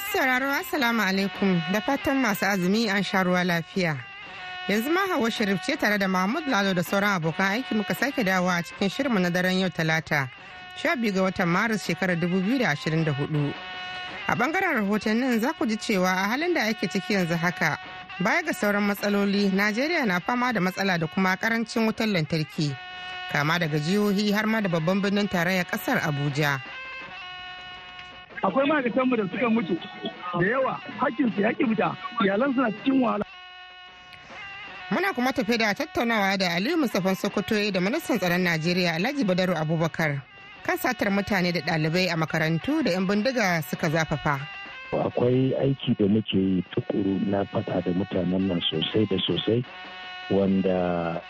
Masu sauraro Assalamu alaikum da fatan masu azumi an sha ruwa lafiya. Yanzu ma Hauwa Sharif ce tare da Mahmud Lalo da sauran abokan aiki muka sake dawowa a cikin shirinmu na daren yau Talata, sha biyu ga watan Maris shekarar dubu da hudu. A bangaren rahotannin za ku ji cewa a halin da ake ciki yanzu haka baya ga sauran matsaloli Najeriya na fama da matsala da kuma karancin wutar lantarki kama daga jihohi har ma da babban birnin tarayyar kasar Abuja. akwai ma'aikatanmu da suka mutu da yawa hakkinsu ya fita iyalan suna cikin wahala muna kuma tafi da tattaunawa da aliyu musafan sokoto da ministan tsaron najeriya alhaji badaru abubakar kan satar mutane da dalibai a makarantu da 'yan bindiga suka zafafa akwai aiki da muke yi tukuru na fata da mutanen nan sosai da sosai wanda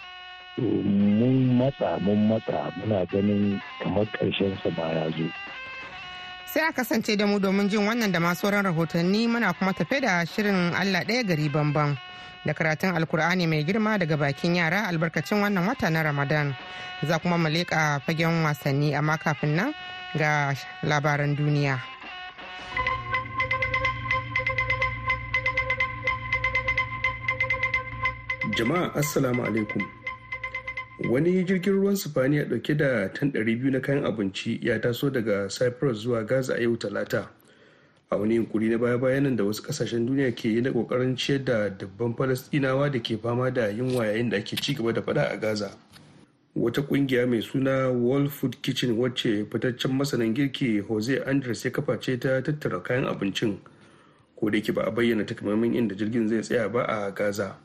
um, mun matsa mun matsa muna ganin kamar karshen sa ba ya zo sai a kasance da mu domin jin wannan da masu sauran rahotanni muna kuma tafe da shirin allah ɗaya gari bamban da karatun alkur'ani mai girma daga bakin yara albarkacin wannan wata na ramadan za kuma mu leƙa fagen wasanni amma kafin nan ga labaran duniya jama'a assalamu alaikum wani jirgin ruwan sifaniya dauke da tan 200 na kayan abinci ya taso daga cyprus zuwa gaza a yau talata a wani yunkuri na baya bayanan da wasu kasashen duniya ke yi na kokarin ciyar da dabban falastinawa da ke fama da yunwa yayin da ake ci gaba da fada a gaza wata kungiya mai suna world food kitchen wacce fitaccen masanin girki jose andres ya kafa ce ta tattara kayan abincin ko da ba a bayyana takamaiman inda jirgin zai tsaya ba a gaza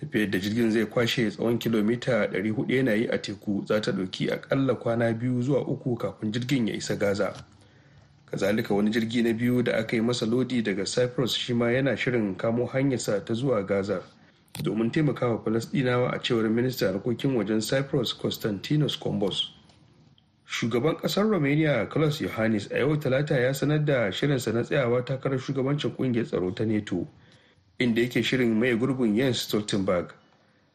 tafiyar da jirgin zai kwashe tsawon kilomita 400 yana yi a teku za ta ɗauki akalla kwana biyu zuwa uku kafin jirgin ya isa gaza kazalika wani jirgi na biyu da aka yi masa lodi daga cyprus shi ma yana shirin kamo hanyarsa ta zuwa gaza domin taimakawa falasdinawa a cewar minista harkokin wajen cyprus constantinos kombos shugaban kasar romania klaus yohannis a yau talata ya sanar da shirinsa na tsayawa takarar shugabancin kungiyar tsaro ta neto inda yake shirin mai gurbin Jens Stoltenberg.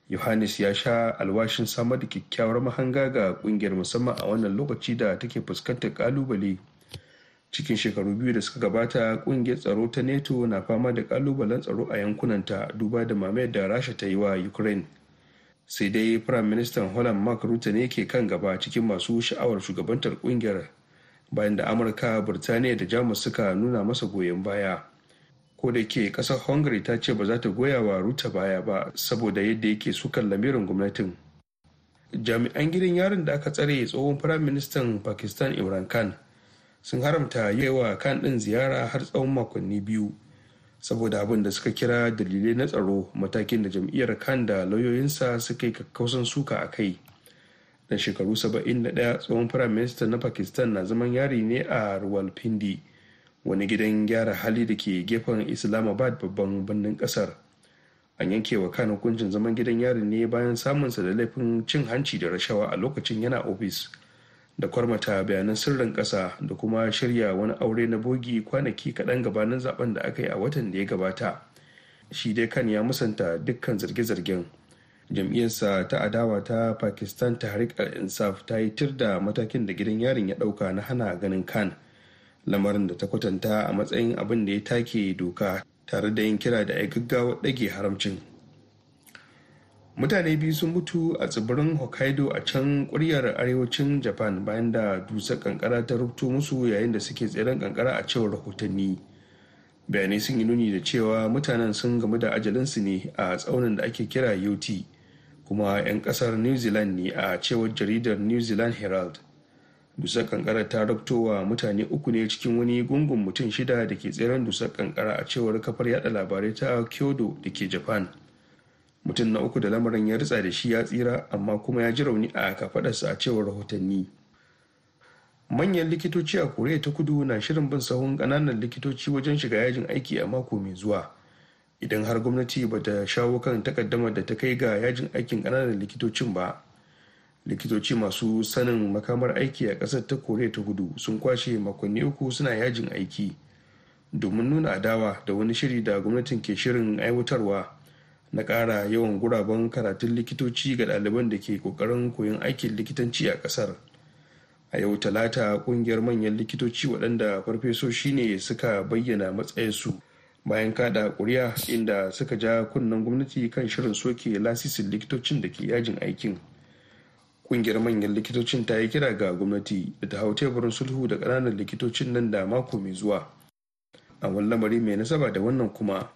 Yohannes ya sha alwashin samar da kyakkyawar mahanga ga kungiyar musamman a wannan lokaci da take fuskantar kalubale. Cikin shekaru biyu da suka gabata kungiyar tsaro ta NATO na fama da kalubalen tsaro a yankunanta duba da mamayar da Rasha ta yi wa Ukraine. Sai dai Prime Minister Holland Mark Rutte ne ke kan gaba cikin masu sha'awar shugabantar kungiyar bayan da Amurka, Birtaniya da Jamus suka nuna masa goyon baya. ko da ke kasar hungary ta ce ba za ta goya wa ruta baya ba saboda yadda yake sukan lamirin gwamnatin jami'an gidan yarin da aka tsare tsohon firaministan pakistan imran khan sun haramta yi wa kan ɗin ziyara har tsawon makonni biyu saboda abin da suka kira dalilai na tsaro matakin da jam'iyyar kan da lauyoyinsa suka yi kakkausan suka a kai da shekaru 71 tsohon firaministan na pakistan na zaman yari ne a rawalpindi wani gidan gyara hali da ke gefen islamabad babban birnin kasar an yanke wa kan hukuncin zaman gidan yari ne bayan samunsa da laifin cin hanci da rashawa a lokacin yana ofis da kwarmata bayanan sirrin kasa da kuma shirya wani aure na bogi kwanaki kaɗan gabanin zaben da aka yi a watan da ya gabata shi dai kan ya musanta dukkan zarge-zargen jam'iyyarsa ta adawa ta pakistan tahrik al-insaf ta yi tir da matakin da gidan yarin ya ɗauka na hana ganin kan lamarin da ta kwatanta a matsayin abin da ya take doka tare da yin kira da ai gaggawa ɗage haramcin mutane biyu sun mutu a tsibirin hokkaido a can kuryar arewacin japan bayan da dusar kankara ta rubuto musu yayin da suke tseren kankara a cewar rahotanni bayanai sun yi nuni da cewa mutanen sun gamu da ajalinsu ne a tsaunin da ake kira yoti kuma 'yan kasar new zealand ne a cewar jaridar new zealand herald dusar kankara ta raktowa mutane uku ne cikin wani gungun mutum shida da ke tseren dusar kankara a cewar kafar yada labarai ta kyodo da ke japan mutum na uku da lamarin ya ritsa da shi ya tsira amma kuma ya ji rauni a kafadarsa a cewar rahotanni manyan likitoci a koriya ta kudu na shirin bin sahun kananan likitoci wajen shiga yajin aiki a mako mai zuwa idan har gwamnati ba ta shawo kan takaddamar da ta kai ga yajin aikin kananan likitocin ba likitoci masu sanin makamar aiki a ƙasar ta koriya ta hudu sun kwashe makonni uku suna yajin aiki domin nuna adawa da wani shiri da gwamnatin ke shirin aiwatarwa na ƙara yawan guraben karatun likitoci ga ɗaliban da ke ƙoƙarin koyon aikin likitanci a ƙasar a yau talata ƙungiyar manyan likitoci waɗanda farfesoshi ne suka bayyana matsayinsu bayan kada ƙuri'a inda suka ja kunnen gwamnati kan shirin soke lasisin likitocin da ke yajin aikin kungiyar manyan likitocin ta yi kira ga gwamnati da ta hau teburin sulhu da ƙananan likitocin nan da mako mai zuwa a wani lamari mai nasaba da wannan kuma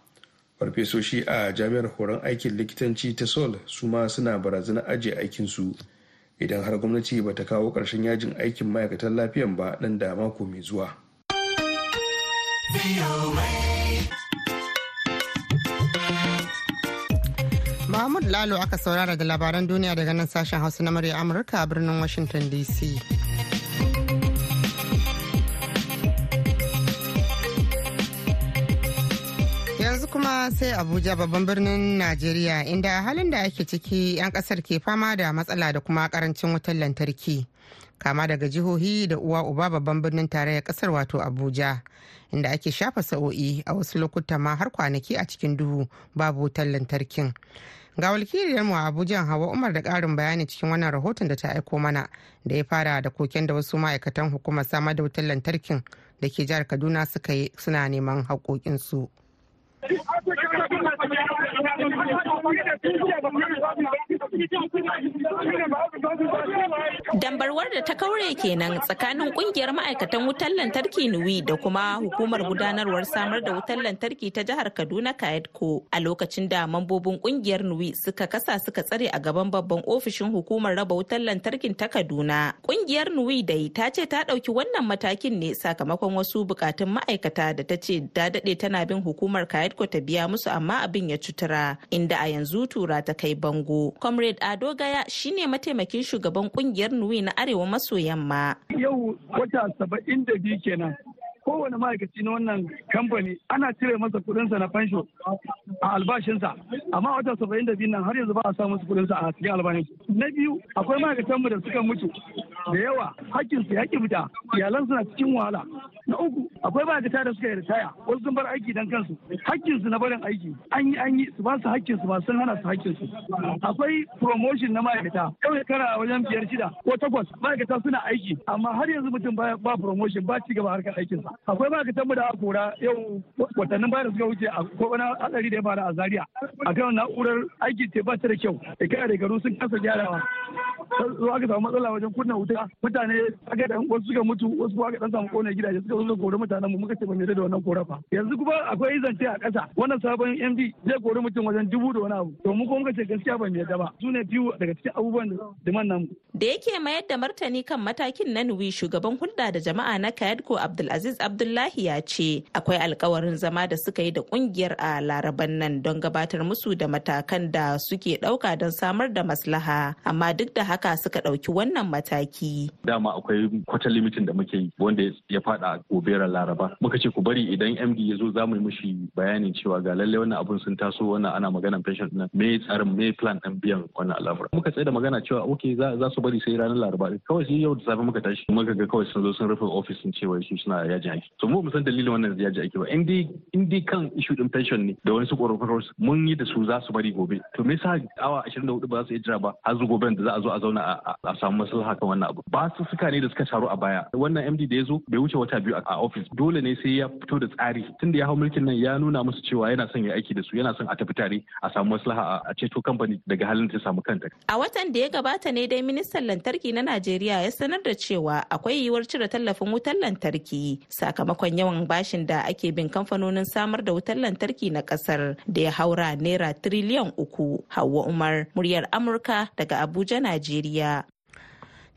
farfesoshi a jami'ar horon aikin likitanci ta sol su ma suna barazanar ajiye aikinsu idan har gwamnati ba ta kawo ƙarshen yajin aikin ma'aikatan lafiyan ba nan da mako mai zuwa. Mahmud Lalo aka saurara da labaran duniya daga nan sashen Hausa na murya Amurka a birnin Washington DC. yanzu kuma sai abuja babban birnin najeriya inda halin da ake ciki 'yan kasar ke fama da matsala da kuma karancin wutar lantarki kama daga jihohi da uwa uba babban birnin tarayyar kasar wato abuja inda ake shafa sa'o'i a wasu lokuta ma har kwanaki a cikin duhu babu wutar lantarkin Ga mu a Abuja Hawa Umar da karin bayani cikin wannan rahoton da ta aiko mana da ya fara da koken da wasu ma'aikatan hukumar samar da wutar lantarkin da ke jihar Kaduna suka yi suna neman haƙoƙinsu. Dambarwar da ta kaure kenan tsakanin kungiyar ma'aikatan wutar lantarki Nuwi da kuma hukumar gudanarwar samar da wutar lantarki ta jihar Kaduna Kayadko a lokacin da mambobin kungiyar Nuwi suka kasa suka tsare a gaban babban ofishin hukumar raba wutar lantarkin ta Kaduna. Kungiyar Nuwi dai ta ce ta ɗauki wannan matakin ne sakamakon wasu bukatun ma'aikata da ta ce da daɗe tana bin hukumar Kayadko edco ta biya musu amma abin ya cutura inda a yanzu tura ta kai bango comrade adogaya gaya shine mataimakin shugaban kungiyar nuwi na arewa maso yamma yau wata saba'in da biyu kenan kowane ma'aikaci na wannan kamfani ana cire masa kudinsa na fansho a albashinsa amma wata saba'in da biyu nan har yanzu ba a samu kudinsa a cikin albashin na biyu akwai ma'aikatanmu da suka mutu da yawa hakkinsu ya kibta iyalansu na cikin wahala na uku akwai ba da suka yi ritaya wasu sun bar aiki dan kansu hakkinsu na barin aiki an yi an yi su ba su hakkinsu ba sun hana su hakkinsu. akwai promotion na ma'aikata kawai kara wajen biyar shida ko takwas ma'aikata suna aiki amma har yanzu mutum ba promotion ba ci gaba harkar aikin sa akwai ma'aikatan mu da aka kora yau watannin baya da suka wuce a ko wani hatsari da ya faru a Zaria akan na'urar aiki ce ba ta da kyau da kai da garu sun kasa gyarawa Zuwa ka samu matsala wajen kunna wuta mutane aka da wasu suka mutu wasu aka dan samu kone gidaje suka zo kori mutanen mu muka ce ban da wannan korafa yanzu kuma akwai zance a ƙasa wannan sabon MD zai kori mutum wajen dubu da wani abu to mu kuma muka ce gaskiya ban yarda ba su ne biyu daga cikin abubuwan da man nan da yake mayar da martani kan matakin na Nuwi shugaban hulɗa da jama'a na Kayadko Abdulaziz Abdullahi ya ce akwai alkawarin zama da suka yi da kungiyar a laraban nan don gabatar musu da matakan da suke ɗauka don samar da maslaha amma duk da haka suka ɗauki wannan mataki. Dama akwai kwata limitin da muke yi wanda ya fada gobe laraba muka ce ku bari idan md ya zo za mu yi mishi bayanin cewa ga lalle wannan abun sun taso wannan ana maganan pension din me tsarin me plan din biyan wannan al'amura muka tsaye da magana cewa ok za su bari sai ranar laraba kawai sai yau da safe muka tashi muka ga kawai sun zo sun rufe office sun ce wai su suna yajin aiki to mu mu san dalilin wannan yajin aiki ba in dai kan issue din pension ne da wasu korofin mun yi da su za su bari gobe to me yasa awa 24 ba za su yi jira ba har zuwa gobe da za a zo a zauna a samu maslaha kan wannan abu ba su suka ne da suka taru a baya wannan md da ya zo bai wuce wata biyu a ofis dole ne sai ya fito da tsari tunda ya hau mulkin nan ya nuna musu cewa yana son ya aiki da su yana son a tafi tare a samu maslaha a ceto kamfani daga halin ta samu kanta a watan da ya gabata ne dai ministan lantarki na Najeriya ya sanar da cewa akwai yiwuwar cire tallafin wutar lantarki sakamakon yawan bashin da ake bin kamfanonin samar da wutar lantarki na kasar da ya haura naira tiriliyan uku Hauwa Umar muryar Amurka daga Abuja Najeriya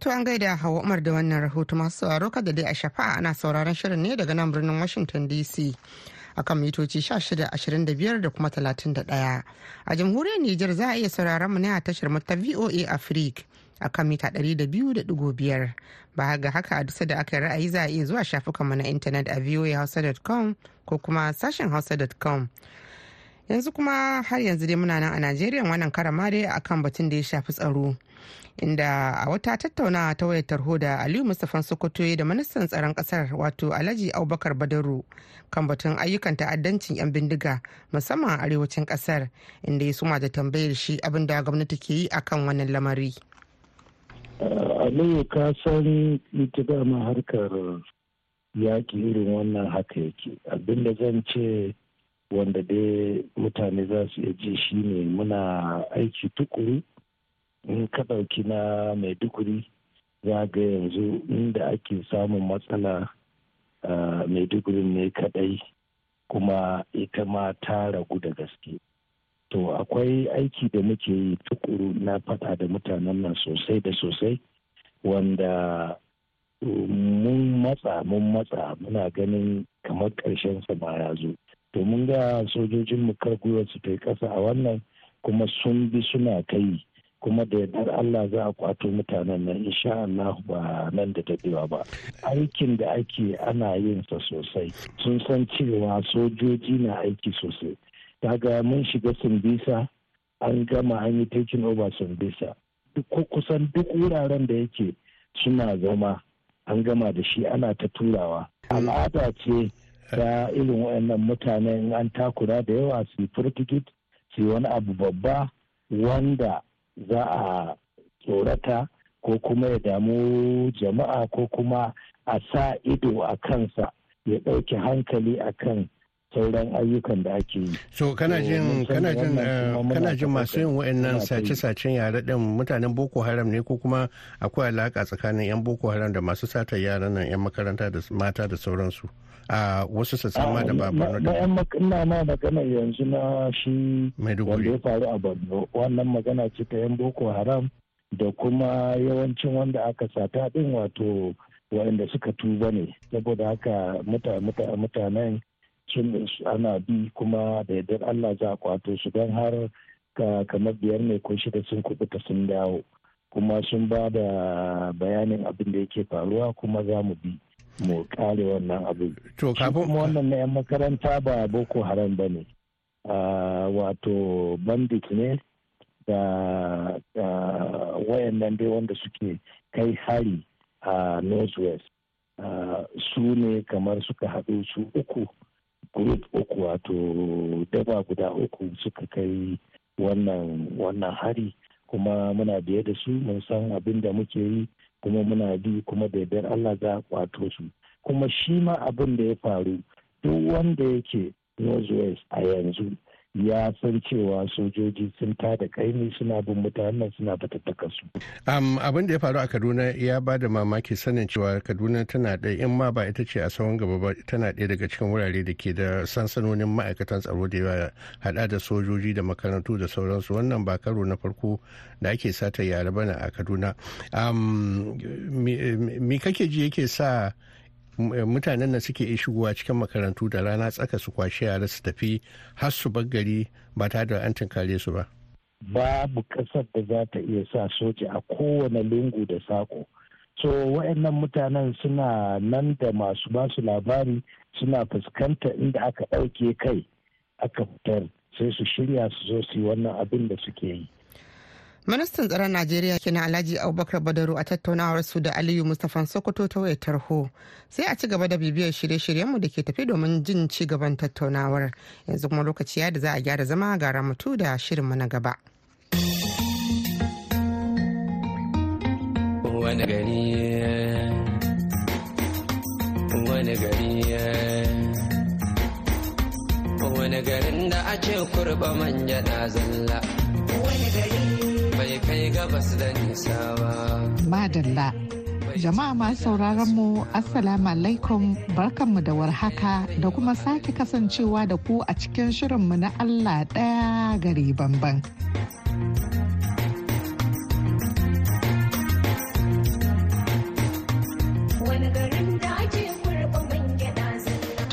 To an gaida Hawa Umar da wannan rahoto masu sauraro kada dai a shafa ana sauraron shirin ne daga nan birnin Washington DC. akan mitoci 1625 da kuma 31 a jamhuriyar Nijar za a iya sauraron mu ne a tashar ta VOA Africa kan mita 200.5 ba ga haka a dusa da aka ra'ayi za a iya zuwa shafukan mu na intanet a voahausa.com ko kuma sashen hausa.com yanzu kuma har yanzu dai muna nan a Najeriya wannan karama dai akan batun da ya shafi tsaro. inda a wata tattaunawa ta wayar tarho da aliyu mustapha sokoto da ministan tsaron kasar wato alhaji abubakar badaru kan batun ayyukan ta'addancin 'yan bindiga musamman a arewacin kasar inda ya suma da tambayar shi abin da gwamnati ke yi akan wannan lamari eh, aliyu ka san ita dama harkar yaƙi irin wannan haka yake abinda zan ce wanda dai mutane za su iya ji shine muna aiki tukuru in ka ɗauki na maiduguri za ga yanzu inda ake samun matsala maiduguri ne kaɗai kuma ita ma ta ragu da gaske to akwai aiki da muke yi tukuru na faɗa da mutanen nan sosai da sosai wanda uh, mun matsa mun matsa muna ganin kamar ƙarshen sa ba ya zo to mun ga sojojinmu mu kar gwiwar su ta ƙasa a wannan kuma sun bi suna kai kuma da yardar Allah za a kwato mutanen nan insha Allah ba nan da dadewa ba aikin da ake ana yin sa sosai sun san cewa sojoji na aiki sosai Daga mun shiga sumbisa an gama an yi taking over sumbisa duk kusan duk wuraren da yake suna zama an gama da shi ana ta turawa al'ada ce ta irin waɗannan mutanen an takura da yawa su yi su wani abu babba wanda za a tsorata ko kuma ya damu jama'a ko kuma a sa ido a kansa ya ɗauke hankali a kan sauran ayyukan da ake yi. So kana jin kana eh, masu yin wa'annan sace-sacen yare ɗin mutanen Boko Haram ne ko kuma akwai alaƙa tsakanin 'yan Boko Haram da masu satar yaran nan 'yan makaranta da mata da sauransu. a wasu sassan ma da ba ma. ina ma magana yanzu na shi wanda ya faru a Borno wannan magana ce ta yan Boko Haram da kuma yawancin wanda aka sata din wato waɗanda suka tuba ne saboda haka mutanen sun ana bi kuma da yardar Allah za a kwato su don har ka kamar biyar ne ko shida sun ta sun dawo kuma sun ba da bayanin abin da yake faruwa kuma za mu bi mu kare wannan abu to kafin wannan na makaranta ba boko haram ba ne wato bandit ne da wayannan dai wanda suke kai hari a northwest su ne kamar suka haɗu su uku group uku wato daba guda uku suka kai wannan wannan hari kuma muna biye da su mun san abin da muke yi kuma muna bi kuma da yardar Allah za a kwato su kuma shi ma abin da ya faru duk wanda yake northwest a yanzu ya san cewa sojoji sun tada kaini suna bin mutanen suna fatattaka su. abin da ya faru a kaduna ya ba da mamaki sanin cewa kaduna tana ɗaya in ma ba ita ce a tsawon gaba ba tana ɗaya daga cikin wurare da ke da sansanonin ma'aikatan tsaro da ya haɗa da sojoji da makarantu da sauransu wannan ba karo na farko da ake sata yare bana a kaduna. me kake ji yake sa Eh, mutanen da suke shigowa cikin makarantu da rana tsaka su kwashe yara su tafi har su bar gari ba ta da an tunkare su ba babu ƙasar da za ta iya sa soja a kowane lungu da sako so wa'annan mutanen suna nan da masu basu labari suna fuskanta inda aka ɗauke kai aka fitar sai su shirya su zo su yi wannan abin da suke yi ministan tsaron najeriya kina alhaji abubakar badaru a tattaunawar su da aliyu mustapha sokoto ta waye tarho sai a ci gaba da bibiyar shirye-shiryenmu da ke tafi domin jin ci gaban tattaunawar yanzu kuma lokaci ya da za a gyara zama ga ramatu da shirinmu na gaba wani gari wani garin da a ce kurba manja na zalla wani garin Madalla. Jama'a masu sauraron mu Assalamu alaikum barkanmu da warhaka da kuma sake kasancewa da ku a cikin shirinmu na Allah ɗaya gari banban.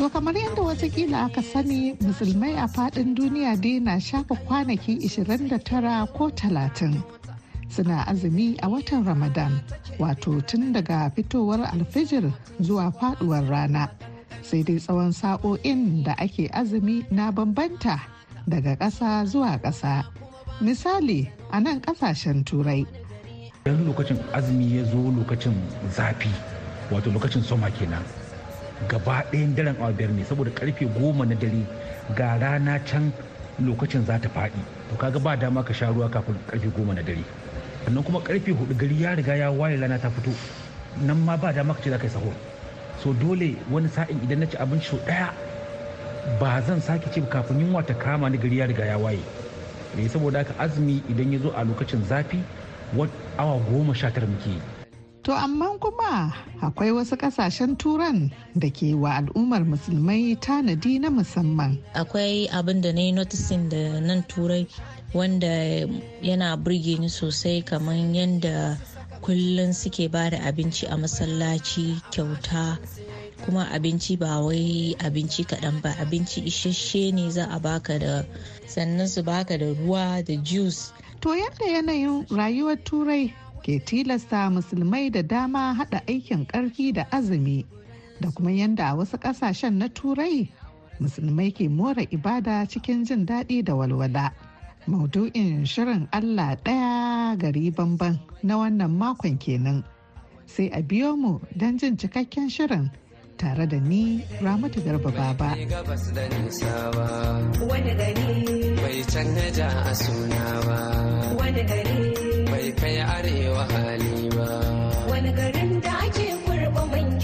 kamar yadda watakila aka sani musulmai a fadin duniya dai na shafa kwanaki 29 ko 30 suna azumi a watan Ramadan wato tun daga fitowar alfijir zuwa faduwar rana. Sai dai tsawon sa'o'in da ake azumi na bambanta daga ƙasa zuwa ƙasa. Misali a nan ƙasashen turai. Yanzu lokacin azumi ya zo lokacin zafi wato lokacin soma kenan. gaba ɗayan daren awa biyar ne saboda karfe goma na dare ga rana can lokacin za ta faɗi to kaga ba dama ka sha ruwa kafin karfe goma na dare sannan kuma karfe hudu gari ya riga ya waye lana ta fito nan ma ba dama ka ce za ka yi sahur so dole wani sa'in idan na ci abinci sau daya ba zan sake ce kafin yunwa ta kama ni gari ya riga ya waye eh, saboda haka azumi idan ya zo a lokacin zafi awa goma sha tara muke yi To amma kuma akwai wasu kasashen turan da ke wa al'ummar musulmai tanadi na musamman. Akwai abin da na yi da nan turai wanda yana burge ni sosai kamar yadda kullum suke ba da abinci a masallaci kyauta kuma abinci ba wai abinci kaɗan ba abinci isasshe ne za a baka da sannan su baka da ruwa da juice. To yadda yanayin rayuwar turai ke tilasta musulmai da dama haɗa aikin ƙarfi da azumi da kuma yadda a wasu ƙasashen na turai musulmai ke more ibada cikin jin daɗi da walwala. Maudu'in shirin Allah ɗaya gari bamban na wannan makon kenan. Sai a biyo mu don jin cikakken shirin tare da ni Ramatu Garba Baba. Wani gari bai canja a suna ba. Wani gari kai arewa wani garin da ake kurba man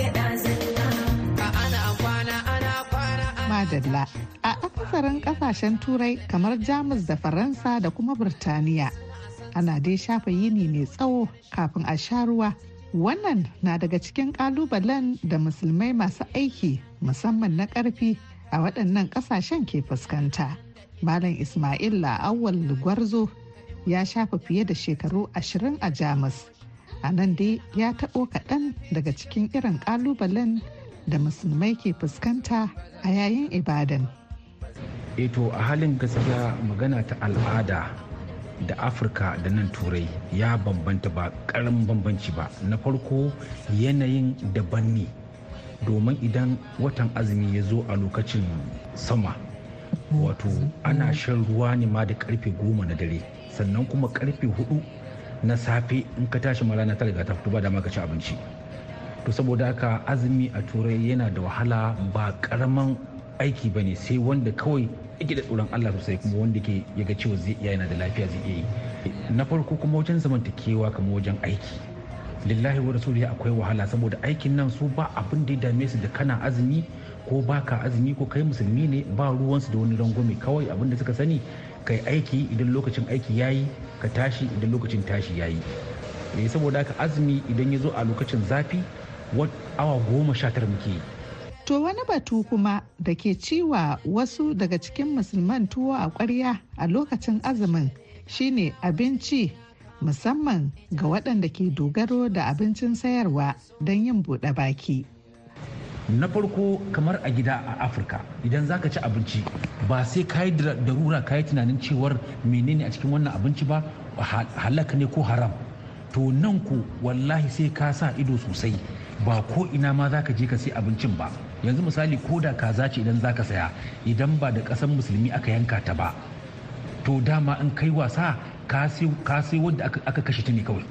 a ana kwana ana kwana madalla a akasarin kasashen turai kamar jamus da faransa da kuma birtaniya ana dai shafa yini mai tsawo kafin a sha ruwa wannan na daga cikin kalubalen da musulmai masu aiki musamman na karfi a waɗannan ƙasashen ke fuskanta malam ismail la'awal gwarzo ya shafa fiye da shekaru ashirin a jamus a nan dai ya taɓo kaɗan daga cikin irin ƙalubalen da musulmai ke fuskanta a yayin ibadan eto a halin gaskiya magana ta al'ada da afirka da nan turai ya bambanta ba karamin bambanci ba na farko yanayin daban ne domin idan watan azumi ya zo a lokacin sama wato ana shan ruwa ne ma da karfe goma na dare sannan kuma karfe hudu na safe in ka tashi ma rana ta riga ta ba dama ka ci abinci to saboda haka azumi a turai yana da wahala ba karaman aiki ba ne sai wanda kawai yake da tsoron Allah sosai kuma wanda ke ya ga cewa zai iya yana da lafiya zai iya yi na farko kuma wajen zamantakewa kamar wajen aiki lillahi wa rasuli akwai wahala saboda aikin nan su ba abin da ya dame su da kana azumi ko baka azumi ko kai musulmi ne ba ruwansu da wani rangwame kawai abin da suka sani kai aiki idan lokacin aiki ya yi ka tashi idan lokacin tashi ya yi saboda haka azumi idan ya zo a lokacin zafi awa goma sha tara muke yi To wani batu kuma da ke ciwa wasu daga cikin musulman tuwo a kwarya a lokacin azumin shine abinci musamman ga waɗanda ke dogaro da abincin sayarwa don yin buɗe baki. na farko kamar a gida a afirka idan za ka ci abinci ba sai ka yi darura ka yi tunanin cewar menene a cikin wannan abinci ba halaka ne ko haram to nan ku wallahi sai ka sa ido sosai ba ko ina ma za ka je ka sai abincin ba yanzu misali ko da kaza ce idan za ka saya idan ba da ƙasar musulmi aka yanka ta ba to dama in kai wasa ka sai wadda aka kashe ta ne kawai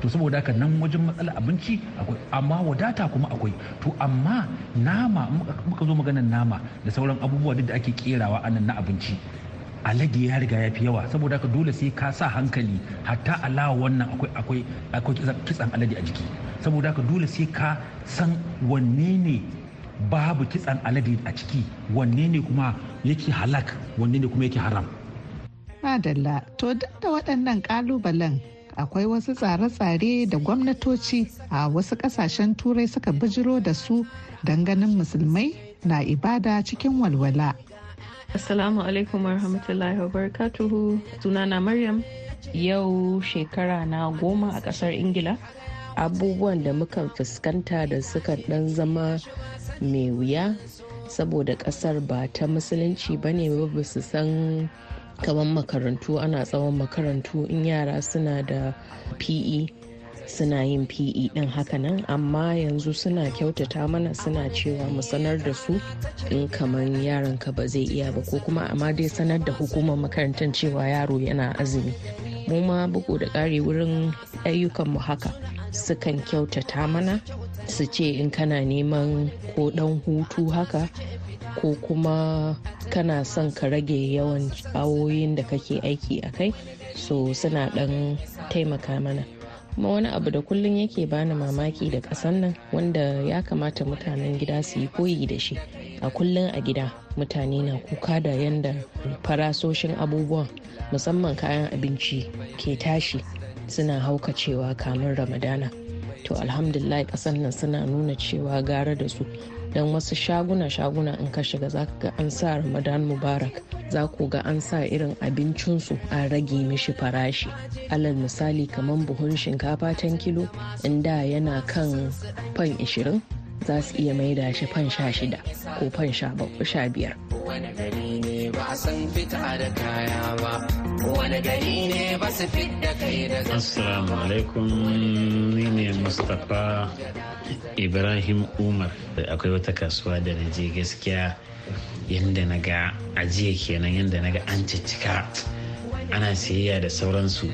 to saboda haka nan wajen matsala abinci akwai amma wadata kuma akwai to amma nama muka zo maganar nama da sauran abubuwa duk da ake kerawa anan na abinci alade ya riga ya fi yawa saboda haka dole sai ka sa hankali hatta alawa wannan akwai akwai akwai kitsan alade a jiki saboda haka dole sai ka san wanne ne babu kitsan alade a ciki wanne ne kuma yake halak wanne ne kuma yake haram madalla to duk da waɗannan ƙalubalen akwai wasu tsare-tsare da gwamnatoci a wasu kasashen turai suka bijiro da su don ganin musulmai na ibada cikin walwala. Assalamu alaikum warahmatullahi wabarakatuhu sunana Maryam yau shekara na goma a kasar Ingila abubuwan da muka fuskanta da suka dan zama mai wuya saboda kasar ba ta musulunci ba ne ba su san kamar makarantu ana tsawon makarantu in yara suna da pe suna yin pe din nan amma yanzu suna kyautata mana suna cewa mu sanar da su in kamar yaron ka ba zai iya ba ko kuma amma dai sanar da hukumar makarantar cewa yaro yana azumi mu ma bugu da kare wurin ayyukan mu haka sukan kyautata mana su ce in kana neman ko dan hutu haka ko kuma kana son ka rage yawan awoyin da kake aiki a kai so suna dan taimaka mana kuma wani abu da kullum yake bani mamaki da kasan nan wanda ya kamata mutanen gida su yi koyi da shi a kullum a gida mutane na kuka da yanda farasoshin abubuwan musamman kayan abinci ke tashi suna haukacewa kamin ramadana to alhamdulillah kasan nan suna nuna cewa gara da su don wasu shaguna-shaguna in ka shiga za ga an sa ramadan mubarak za ku ga an sa irin abincinsu a rage mishi farashi alal misali kamar buhun shinkafa ta kilo in da yana kan fan 20 za su iya maida shi fan sha shida ko fan sha sha biyar. Wani ne ba kaya ba, wani ne ba su da kai da Assalamu alaikum mustapha ibrahim umar akwai wata kasuwa da na je gaskiya yadda na ga ajiye kenan yadda na ga an ciccika ana siyayya da sauransu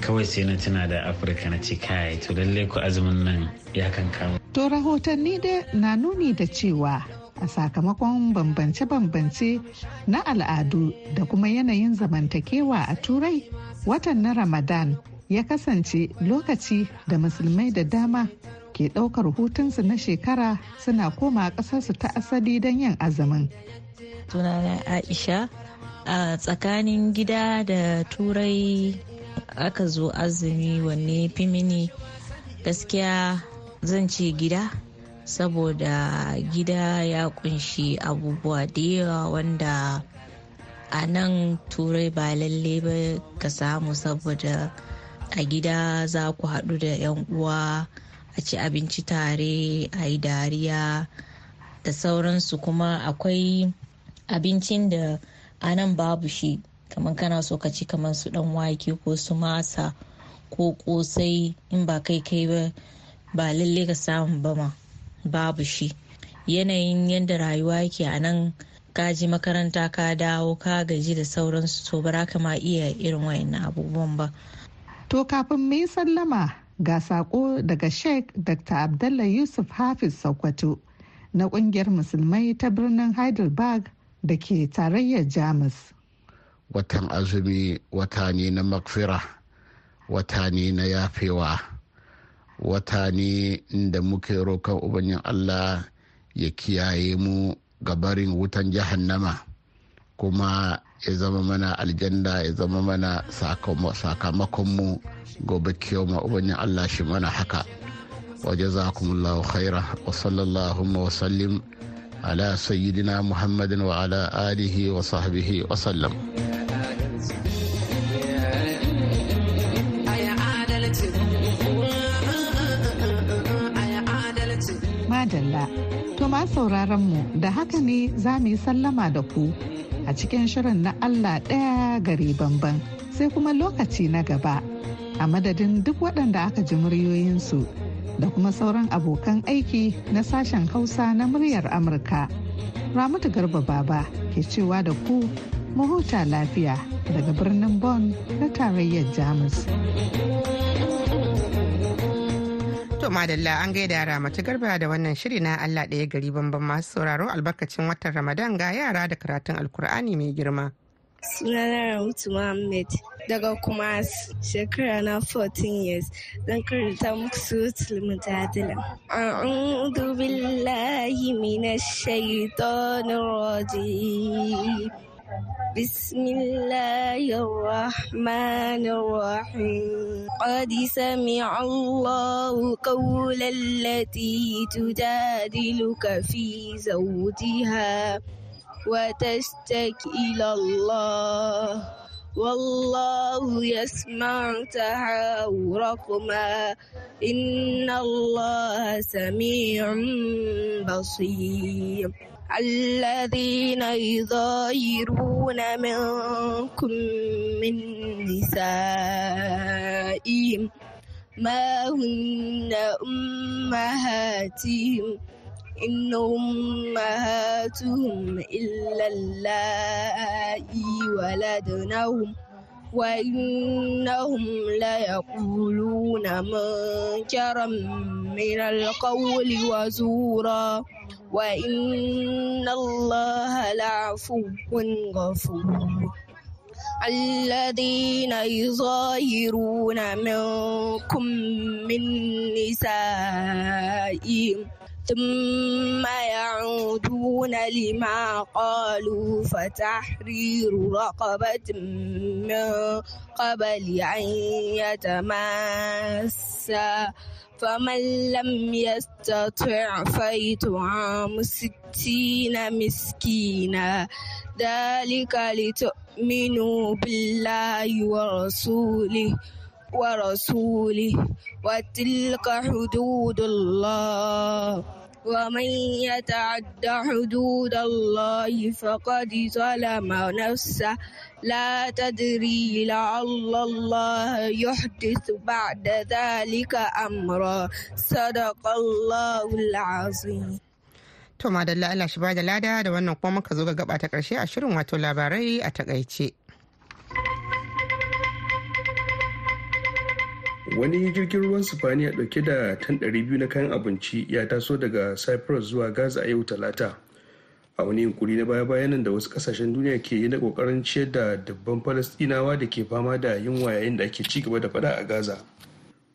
kawai sai na tuna da afirka na ce kai to lalle ku azumin nan ya kan to rahotanni da na nuni da cewa a sakamakon bambance-bambance na al'adu da kuma yanayin zamantakewa a turai watan na ramadan ya kasance lokaci da musulmai da dama ke ɗaukar hutunsu na shekara suna koma ƙasarsu ta asali don yin azumin. Sunana Aisha a tsakanin gida da turai aka zo azumi wanne fimini gaskiya zan ce gida saboda gida ya kunshi abubuwa da yawa wanda a nan turai ba lalle ba ka samu saboda a gida za ku haɗu da 'yan uwa a ci abinci tare a yi dariya da sauransu kuma akwai abincin da anan babu shi kamar kana so ka ci kamar su dan wake ko su masa ko kosai in ba kai kai ba ba lalle ka samu ba ma babu shi yanayin yadda rayuwa yake a nan ka ji makaranta ka dawo ka gaji da sauransu to ba ma iya irin wayan abubuwan ba To kafin mu yi sallama ga sako daga Sheikh Dr. Abdullah Yusuf Hafiz Sokoto na kungiyar musulmai ta birnin Heidelberg da ke tarayyar Jamus. Watan azumi wata ne na makfira, wata ne na yafewa, wata ne da muke roƙon ubanin Allah ya kiyaye mu gabarin wutan jahannama kuma ya zama mana aljanna ya zama mana sakamakonmu gobe kiyoma ubangin allah shi mana haka waje za kumullahu khaira wa sallallahu wa sallim ala sayyidina muhammadin wa ala alihi wa sahbihi wa sallam madalla to ma sauraron mu da haka ne za mu yi sallama da ku a cikin shirin na Allah ɗaya gari bamban sai kuma lokaci na gaba a madadin duk waɗanda aka ji muryoyinsu da kuma sauran abokan aiki na sashen Hausa na muryar Amurka. Ramatu Garba Baba ke cewa da ku mahuta lafiya daga birnin Bonn na tarayyar Jamus. To madalla an gaida yara mata garba da wannan shiri na Allah ɗaya gari bamban masu sauraro albarkacin watan Ramadan ga yara da karatun Alkur'ani mai girma. Sunana Rahutu Muhammad daga kuma shekara na 14 years zan karanta muku suratul mujadila. A'udhu billahi minash shaitanir rajim. بسم الله الرحمن الرحيم قد سمع الله قول التي تجادلك في زوجها وتشتكي إلى الله والله يسمع تحاوركما إن الله سميع بصير الذين يظاهرون منكم من نسائهم ما هن أمهاتهم إن أمهاتهم إلا اللائي ولدنهم وإنهم ليقولون منكرا من القول وزورا وإن الله لعفو غفور الذين يظاهرون منكم من نسائهم ثم يعودون لما قالوا فتحرير رقبة من قبل أن يتماسا فمن لم يستطع فيطعام ستين مسكينا ذلك لتؤمنوا بالله ورسوله ورسوله وتلك حدود الله ومن يتعد حدود الله فقد ظلم نفسه لا تدري لعل الله يحدث بعد ذلك أمرا صدق الله العظيم To madalla Allah shi bada lada da wannan kuma muka zo ga gaba ta karshe a shirin wato labarai a takaice. Wani jirgin ruwan Sifaniya dauke da tan 200 na kayan abinci ya taso daga Cyprus zuwa Gaza a yau Talata. a wani yunkuri na baya bayanan da wasu kasashen duniya ke yi na kokarin ciyar da dabban falastinawa da ke fama da yunwa yayin da ake cigaba da fada a gaza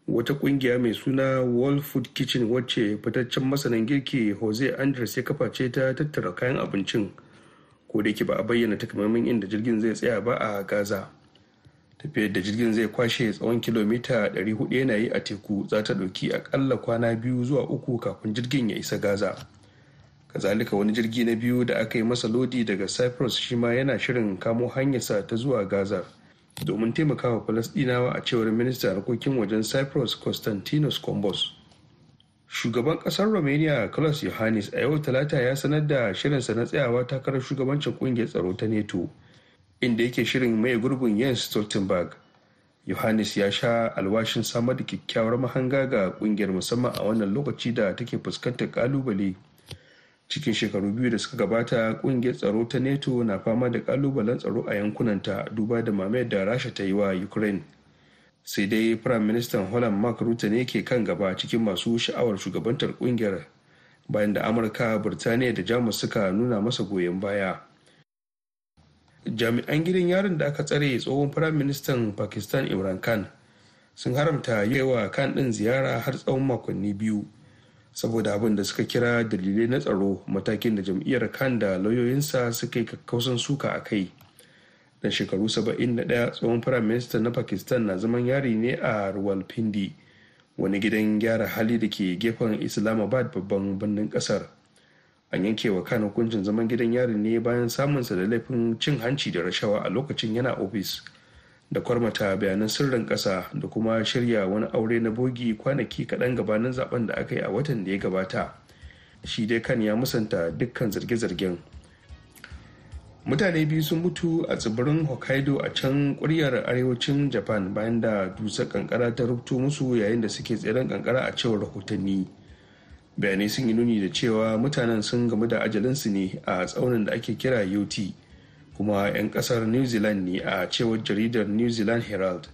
wata kungiya mai suna world food kitchen wacce fitaccen masanin girki jose andres ya kafa ce ta tattara kayan abincin ko da ba a bayyana takamaiman inda jirgin zai tsaya ba a gaza tafiyar da jirgin zai kwashe tsawon kilomita 400 yana yi a teku za ta ɗauki akalla kwana biyu zuwa uku kafin jirgin ya isa gaza kazalika wani jirgi na biyu da aka yi masa lodi daga cyprus shi ma yana shirin kamo hanyarsa ta zuwa gaza domin taimakawa falasdinawa a cewar minista harkokin wajen cyprus constantinos kombos shugaban kasar romania klaus yohannis a yau talata ya sanar da shirinsa na tsayawa takarar shugabancin kungiyar tsaro ta neto inda yake shirin mai gurbin jens stoltenberg yohannis ya sha alwashin samar da kyakkyawar mahanga ga kungiyar musamman a wannan lokaci da take fuskantar kalubale cikin shekaru biyu da suka gabata kungiyar tsaro ta neto na fama da kalubalen tsaro a yankunanta duba da mamayar da rasha ta yi wa ukraine sai dai prime minister holland mark rutte ne ke kan gaba cikin masu sha'awar shugabantar kungiyar bayan da amurka birtaniya da jamus suka nuna masa goyon baya jami'an gidan yarin da aka tsare tsohon prime minister pakistan imran khan sun haramta yawa kan din ziyara har tsawon makonni biyu saboda abin da suka kira dalilai na tsaro matakin da jam'iyyar kan da lauyoyinsa suka yi kakkausan suka a kai da shekaru 71 tsohon firaminista na pakistan na zaman yari ne a rawalpindi wani gidan gyara hali da ke gefen islamabad babban birnin kasar an yanke wa kan hukuncin zaman gidan yari ne bayan samunsa da laifin cin hanci da rashawa a lokacin yana ofis da kwarmata bayanan sirrin ƙasa da kuma shirya wani aure na bogi kwanaki kaɗan gabanin zaben da aka yi a watan da ya gabata shi dai kan ya musanta dukkan zarge-zargen mutane biyu sun mutu a tsibirin hokkaido a can kuryar arewacin japan bayan da dusar kankara ta rubuto musu yayin da suke tseren kankara a cewar rahotanni bayanai sun yi nuni da cewa mutanen sun gamu da ajalinsu ne a tsaunin da ake kira yoti kuma 'yan kasar new zealand ne a cewar jaridar new zealand herald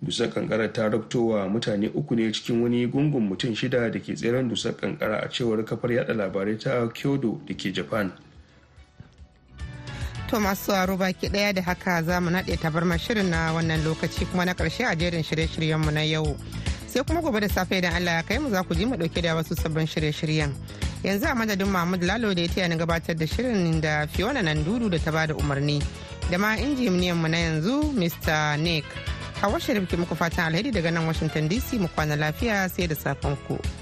dusar kankara ta wa mutane uku ne cikin wani gungun mutum shida da ke tseren dusar kankara a cewar kafar yada labarai ta kyodo da ke japan to masu baki daya da haka za mu nade tabarmar shirin na wannan lokaci kuma na karshe a jerin shirye-shiryenmu na yau sai kuma gobe da safe idan allah ya kai mu za ku ji mu dauke da wasu sabbin shirye-shiryen yanzu a madadin mahmud lalo da ya taya na gabatar da shirin da fiona nan dudu da ta ba da umarni da ma injiniyan mu na yanzu mr nick a washe muku fatan alheri daga nan washington dc mu kwana lafiya sai da safen ku.